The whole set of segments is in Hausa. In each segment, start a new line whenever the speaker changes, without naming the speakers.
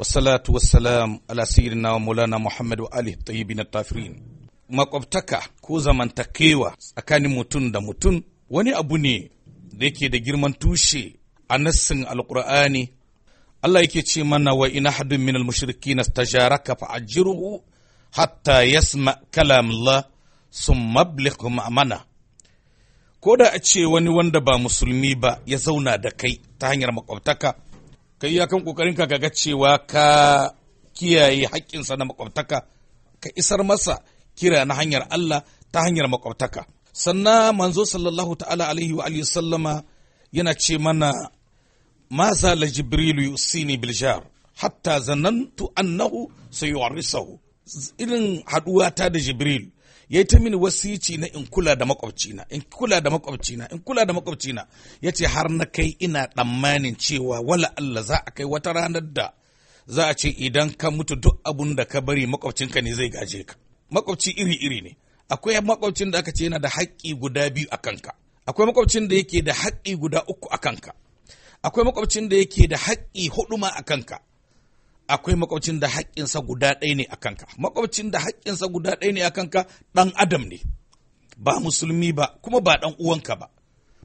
wasalatu wassalam ala sayyidina wa maulana muhammad wa alihi tayyibin tafirin makwabtaka ko zamantakewa tsakanin mutum da mutum wani abu ne da yake da girman tushe a nassin alqur'ani Allah yake ce mana wa ina hadun minal mushrikin istajaraka fa ajruhu hatta yasma kalam Allah summa ablighu ma'mana ko da a ce wani wanda ba musulmi ba ya zauna da kai ta hanyar makwabtaka ka yi yakan kokarin ka ga cewa ka kiyaye haƙƙinsa na makwabtaka ka isar masa kira na hanyar Allah ta hanyar makwabtaka sannan manzo sallallahu ta'ala alaihi wa alihi sallama yana ce mana ma zala jibrilu yusini bil jar hatta zanantu annahu sayuwarrisahu irin haduwa ta da jibril yayi ta mini wasici na in kula da makwabcina in kula da makwabcina in kula da makwabcina yace har na kai ina tsammanin cewa wala Allah za a kai wata ranar da za a ce idan ka mutu duk abun da ka bari makwabcinka ne zai gaje ka makwabci iri iri ne akwai makwabcin da aka ce yana da haƙƙi guda biyu a kanka akwai makwabcin da yake da haƙƙi guda uku a kanka akwai makwabcin da yake da haƙƙi huɗu ma a kanka akwai makwabcin da haƙƙinsa guda ɗaya ne a kanka makwabcin da haƙƙinsa guda ɗaya ne a kanka ɗan adam ne ba musulmi ba kuma ba ɗan uwanka ba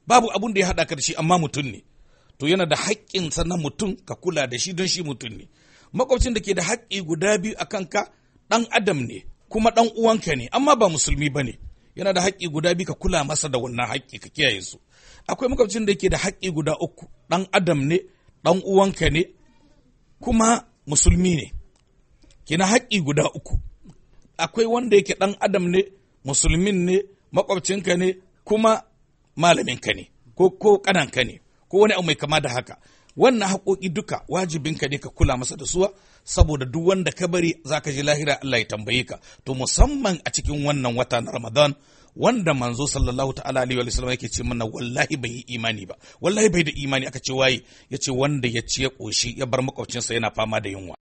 babu abin da ya haɗa ka da shi amma mutum ne to yana da haƙƙinsa na mutum ka kula da shi don shi mutum ne makwabcin da ke da haƙƙi guda biyu a kanka ɗan adam ne kuma ɗan uwanka ne amma ba musulmi ba ne yana da haƙƙi guda biyu ka kula masa da wannan haƙƙi ka kiyaye su akwai makwabcin da ke da haƙƙi guda uku ɗan adam ne ɗan uwanka ne kuma musulmi ne kina haƙƙi guda uku akwai wanda yake ɗan adam ne musulmin ne makwabcinka ne kuma malaminka ne ko ko ƙananka ne ko wani abu mai kama da haka wannan haƙoƙi duka wajibinka ne ka kula masa da suwa saboda duk wanda ka bari za ka ji lahira Allah ya tambaye ka to musamman a cikin wannan wata na Ramadan wanda manzo sallallahu ta'ala alaihi wa sallam yake ce mana wallahi bai yi imani ba wallahi bai da imani aka ce waye yace wanda ya ci ya koshi ya bar makwabcinsa yana fama da yunwa